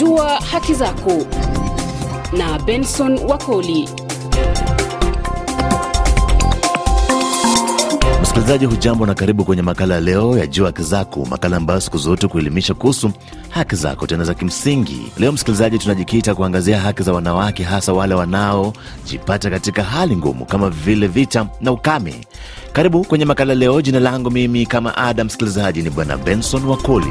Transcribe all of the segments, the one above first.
Jua haki zako na Benson Wakoli. Msikilizaji, hujambo na karibu kwenye makala ya leo ya Jua Haki Zako, makala ambayo siku zote kuelimisha kuhusu haki zako tena za kimsingi. Leo msikilizaji, tunajikita kuangazia haki za wanawake, hasa wale wanaojipata katika hali ngumu kama vile vita na ukame. Karibu kwenye makala leo. Jina langu mimi kama ada, msikilizaji, ni bwana Benson Wakoli.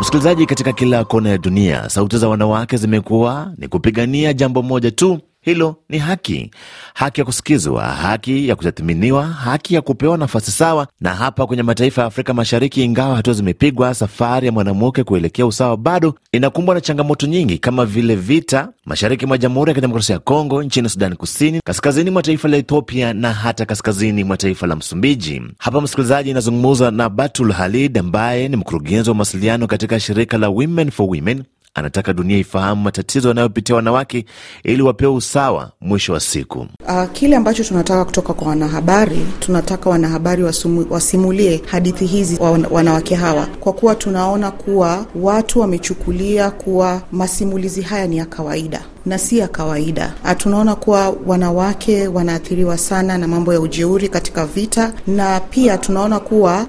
Msikilizaji, katika kila kona ya dunia, sauti za wanawake zimekuwa ni kupigania jambo moja tu hilo ni haki, haki ya kusikizwa, haki ya kutathminiwa, haki ya kupewa nafasi sawa. Na hapa kwenye mataifa ya Afrika Mashariki, ingawa hatua zimepigwa, safari ya mwanamke kuelekea usawa bado inakumbwa na changamoto nyingi, kama vile vita mashariki mwa Jamhuri ya Kidemokrasia ya Kongo, nchini Sudani Kusini, kaskazini mwa taifa la Ethiopia na hata kaskazini mwa taifa la Msumbiji. Hapa msikilizaji, inazungumza na Batul Halid ambaye ni mkurugenzi wa mawasiliano katika shirika la Women for Women anataka dunia ifahamu matatizo yanayopitia wanawake ili wapewe usawa mwisho wa siku. Uh, kile ambacho tunataka kutoka kwa wanahabari, tunataka wanahabari wasumu, wasimulie hadithi hizi wa wanawake hawa, kwa kuwa tunaona kuwa watu wamechukulia kuwa masimulizi haya ni ya kawaida na si ya kawaida. Ah, tunaona kuwa wanawake wanaathiriwa sana na mambo ya ujeuri katika vita, na pia tunaona kuwa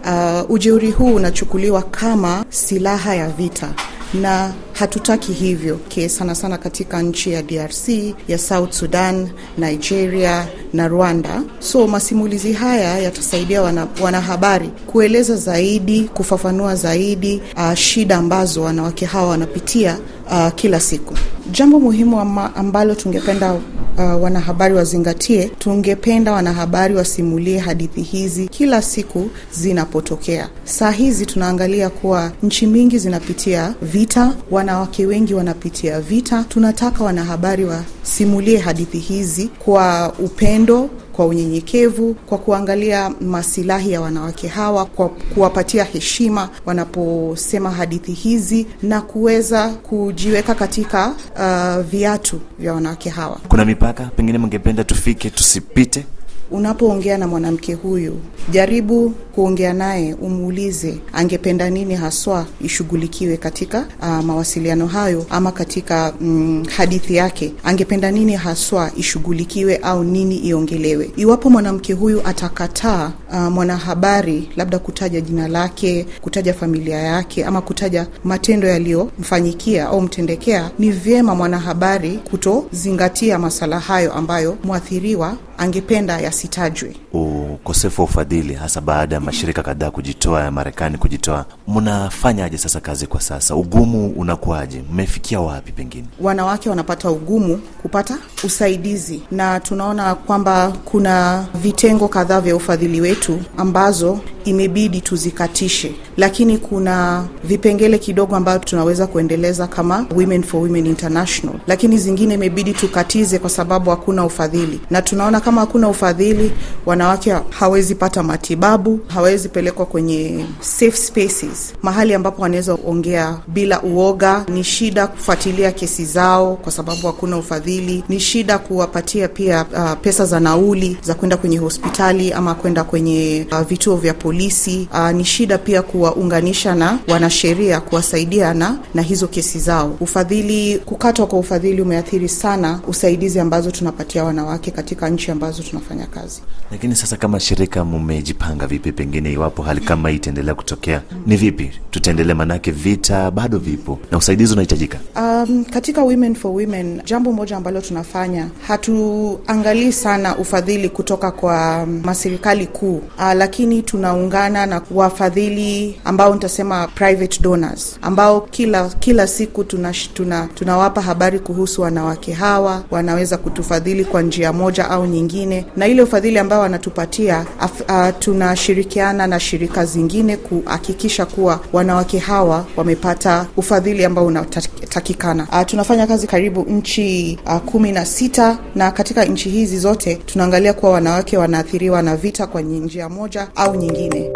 uh, ujeuri huu unachukuliwa kama silaha ya vita na hatutaki hivyo ke sana sana katika nchi ya DRC ya South Sudan, Nigeria na Rwanda. So masimulizi haya yatasaidia wana, wanahabari kueleza zaidi, kufafanua zaidi uh, shida ambazo wanawake hawa wanapitia uh, kila siku. Jambo muhimu ambalo tungependa uh, wanahabari wazingatie. Tungependa wanahabari wasimulie hadithi hizi kila siku zinapotokea. Saa hizi tunaangalia kuwa nchi mingi zinapitia vita, wanawake wengi wanapitia vita. Tunataka wanahabari wasimulie hadithi hizi kwa upendo kwa unyenyekevu, kwa kuangalia masilahi ya wanawake hawa, kwa kuwapatia heshima wanaposema hadithi hizi na kuweza kujiweka katika uh, viatu vya wanawake hawa. Kuna mipaka pengine mngependa tufike, tusipite? Unapoongea na mwanamke huyu, jaribu kuongea naye, umuulize angependa nini haswa ishughulikiwe katika uh, mawasiliano hayo ama katika mm, hadithi yake, angependa nini haswa ishughulikiwe au nini iongelewe. Iwapo mwanamke huyu atakataa, uh, mwanahabari labda kutaja jina lake, kutaja familia yake ama kutaja matendo yaliyomfanyikia au mtendekea, ni vyema mwanahabari kutozingatia masala hayo ambayo mwathiriwa angependa yasitajwe. Oh ukosefu wa ufadhili, hasa baada ya mashirika kadhaa kujitoa ya Marekani kujitoa. Mnafanyaje sasa kazi kwa sasa? Ugumu unakuwaje? Mmefikia wapi? Pengine wanawake wanapata ugumu kupata usaidizi, na tunaona kwamba kuna vitengo kadhaa vya ufadhili wetu ambazo imebidi tuzikatishe, lakini kuna vipengele kidogo ambavyo tunaweza kuendeleza kama Women for Women International, lakini zingine imebidi tukatize kwa sababu hakuna ufadhili, na tunaona kama hakuna ufadhili wanawake hawezi pata matibabu, hawezi pelekwa kwenye safe spaces, mahali ambapo wanaweza ongea bila uoga. Ni shida kufuatilia kesi zao kwa sababu hakuna ufadhili. Ni shida kuwapatia pia uh, pesa za nauli za kwenda kwenye hospitali ama kwenda kwenye uh, vituo vya polisi. Uh, ni shida pia kuwaunganisha na wanasheria kuwasaidia na, na hizo kesi zao. Ufadhili, kukatwa kwa ufadhili umeathiri sana usaidizi ambazo tunapatia wanawake katika nchi ambazo tunafanya kazi, lakini sasa kama shirika mmejipanga vipi, pengine iwapo hali kama hii itaendelea kutokea? Ni vipi tutaendelea, manake vita bado vipo na usaidizi unahitajika. Um, katika Women for Women, jambo moja ambalo tunafanya hatuangalii sana ufadhili kutoka kwa um, maserikali kuu, uh, lakini tunaungana na wafadhili ambao nitasema private donors ambao kila kila siku tunawapa tuna, tuna habari kuhusu wanawake hawa wanaweza kutufadhili kwa njia moja au nyingine, na ile ufadhili ambao wanatupatia pia af, a, ah, tunashirikiana na shirika zingine kuhakikisha kuwa wanawake hawa wamepata ufadhili ambao unatakikana. Ah, tunafanya kazi karibu nchi a, ah, kumi na sita na katika nchi hizi zote tunaangalia kuwa wanawake wanaathiriwa na vita kwa njia moja au nyingine.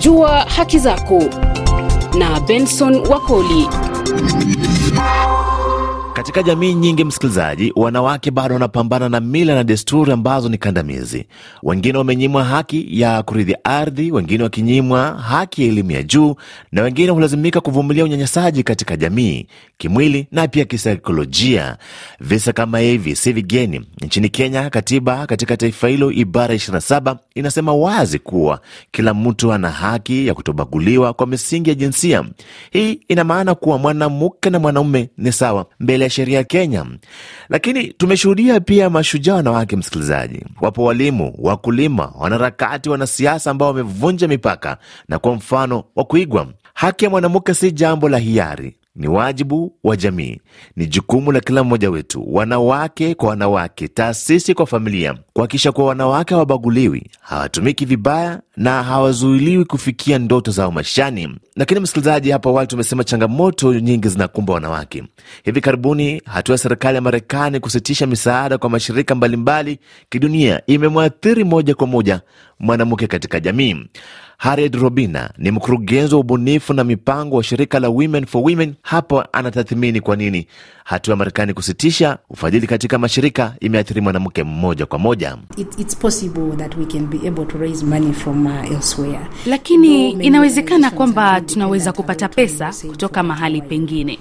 Jua haki zako na Benson Wakoli. Katika jamii nyingi, msikilizaji, wanawake bado wanapambana na mila na desturi ambazo ni kandamizi. Wengine wamenyimwa haki ya kurithi ardhi, wengine wakinyimwa haki ya elimu ya juu, na wengine hulazimika kuvumilia unyanyasaji katika jamii, kimwili na pia kisaikolojia. Visa kama hivi si vigeni nchini Kenya. Katiba katika taifa hilo, ibara 27 inasema wazi kuwa kila mtu ana haki ya kutobaguliwa kwa misingi ya jinsia. Hii ina maana kuwa mwanamke na mwanaume ni sawa mbele ya sheria Kenya, lakini tumeshuhudia pia mashujaa wanawake, msikilizaji. Wapo walimu, wakulima, wanaharakati, wanasiasa ambao wamevunja mipaka na kwa mfano wa kuigwa. Haki ya mwanamke si jambo la hiari, ni wajibu wa jamii, ni jukumu la kila mmoja wetu, wanawake kwa wanawake, taasisi kwa familia, kuhakikisha kuwa wanawake hawabaguliwi, hawatumiki vibaya na hawazuiliwi kufikia ndoto zao maishani. Lakini msikilizaji, hapo awali tumesema changamoto nyingi zinakumba wanawake. Hivi karibuni, hatua ya serikali ya Marekani kusitisha misaada kwa mashirika mbalimbali kidunia imemwathiri moja kwa moja mwanamke katika jamii. Harriet Robina ni mkurugenzi wa ubunifu na mipango wa shirika la Women for Women. Hapo anatathmini kwa nini hatua ya Marekani kusitisha ufadhili katika mashirika imeathiri mwanamke mmoja kwa moja. It, uh, Lakini inawezekana kwamba tunaweza kupata pesa kutoka mahali pengine,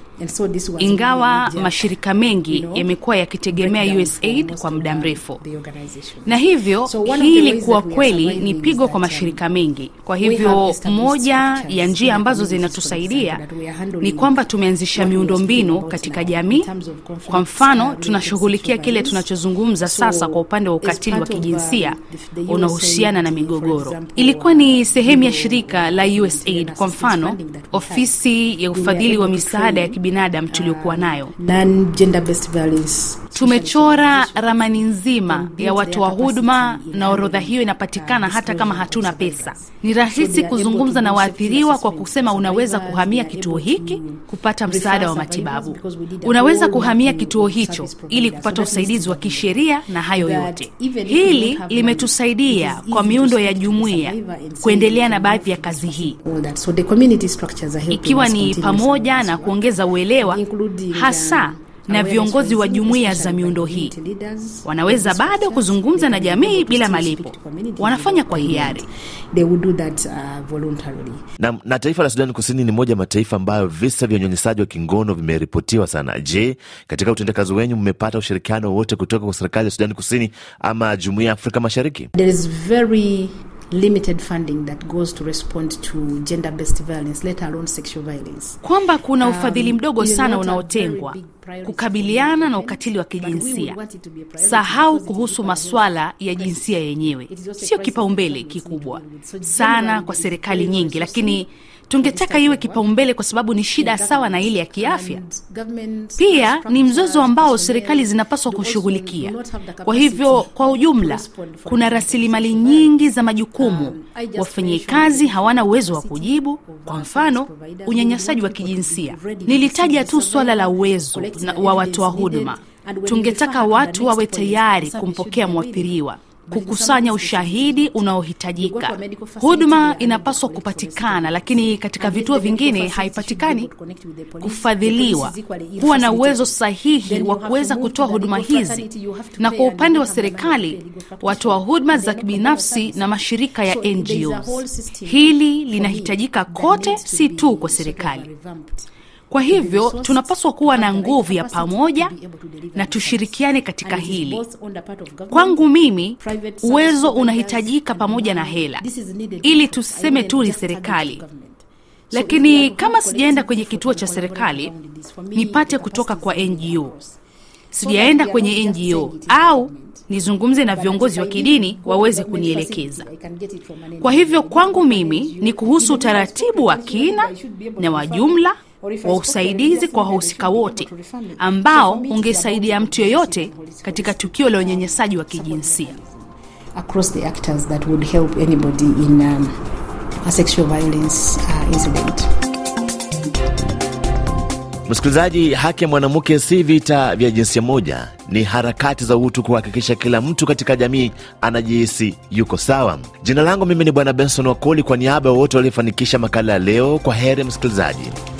ingawa mashirika mengi yamekuwa yakitegemea USAID kwa muda mrefu, na hivyo hii ilikuwa kweli ni pigo kwa um, mashirika mengi. Kwa hivyo moja ya njia ambazo zinatusaidia ni kwamba tumeanzisha miundombinu katika jamii ukatili. Kwa mfano, uh, tunashughulikia kile tunachozungumza sasa kwa upande wa ukatili wa uh, kijinsia unaohusiana na migogoro. Ilikuwa ni uh, sehemu ya shirika la USAID, kwa mfano, ofisi ya ufadhili wa misaada ya kibinadamu tuliokuwa nayo. Tumechora ramani nzima ya watu wa huduma, na orodha hiyo inapatikana hata kama hatuna pesa. Ni rahisi kuzungumza na waathiriwa kwa kusema, unaweza kuhamia kituo hiki kupata msaada wa matibabu, unaweza kuhamia kituo hicho ili kupata usaidizi wa kisheria na hayo yote. Hili limetusaidia kwa miundo ya jumuiya kuendelea na baadhi ya kazi hii, ikiwa ni pamoja na kuongeza uelewa hasa um, na viongozi wa jumuiya za miundo hii. Wanaweza bado kuzungumza na jamii bila malipo, wanafanya kwa hiari uh, na, na taifa la Sudani Kusini ni moja ya mataifa ambayo visa vya unyanyasaji wa kingono vimeripotiwa sana. Je, katika utendakazi wenyu mmepata ushirikiano wote kutoka kwa serikali ya Sudani Kusini ama jumuiya ya Afrika Mashariki? There is very limited funding that goes to respond to gender based violence let alone sexual violence, kwamba kuna um, ufadhili mdogo um, sana unaotengwa kukabiliana na ukatili wa kijinsia. Sahau kuhusu maswala ya jinsia yenyewe, sio kipaumbele kikubwa sana kwa serikali nyingi, lakini tungetaka iwe kipaumbele kwa sababu ni shida sawa na ile ya kiafya. Pia ni mzozo ambao serikali zinapaswa kushughulikia. Kwa hivyo, kwa ujumla, kuna rasilimali nyingi za majukumu, um, wafanyikazi hawana uwezo wa kujibu. Kwa mfano, unyanyasaji wa kijinsia, nilitaja tu swala la uwezo wa watoa huduma. Tungetaka watu wawe tayari kumpokea mwathiriwa kukusanya ushahidi unaohitajika. Huduma inapaswa kupatikana, lakini katika vituo vingine haipatikani. Kufadhiliwa, kuwa na uwezo sahihi wa kuweza kutoa huduma hizi, na kwa upande wa serikali, watoa huduma za kibinafsi na mashirika ya NGOs. Hili linahitajika kote, si tu kwa serikali. Kwa hivyo tunapaswa kuwa na nguvu ya pamoja na tushirikiane katika hili. Kwangu mimi, uwezo unahitajika pamoja na hela, ili tuseme tu ni serikali lakini kama sijaenda kwenye kituo cha serikali nipate kutoka kwa NGO sijaenda kwenye NGO au nizungumze na viongozi wa kidini waweze kunielekeza. Kwa hivyo kwangu mimi ni kuhusu utaratibu wa kina na wa jumla wa usaidizi kwa wahusika wote ambao ungesaidia mtu yoyote katika tukio la unyanyasaji wa kijinsia. Um, a sexual violence uh, incident. Msikilizaji, haki ya mwanamke si vita vya jinsia moja, ni harakati za utu kuhakikisha kila mtu katika jamii anajihisi yuko sawa. Jina langu mimi ni Bwana Benson Wakoli, kwa niaba ya wote waliofanikisha makala ya leo. Kwa heri msikilizaji.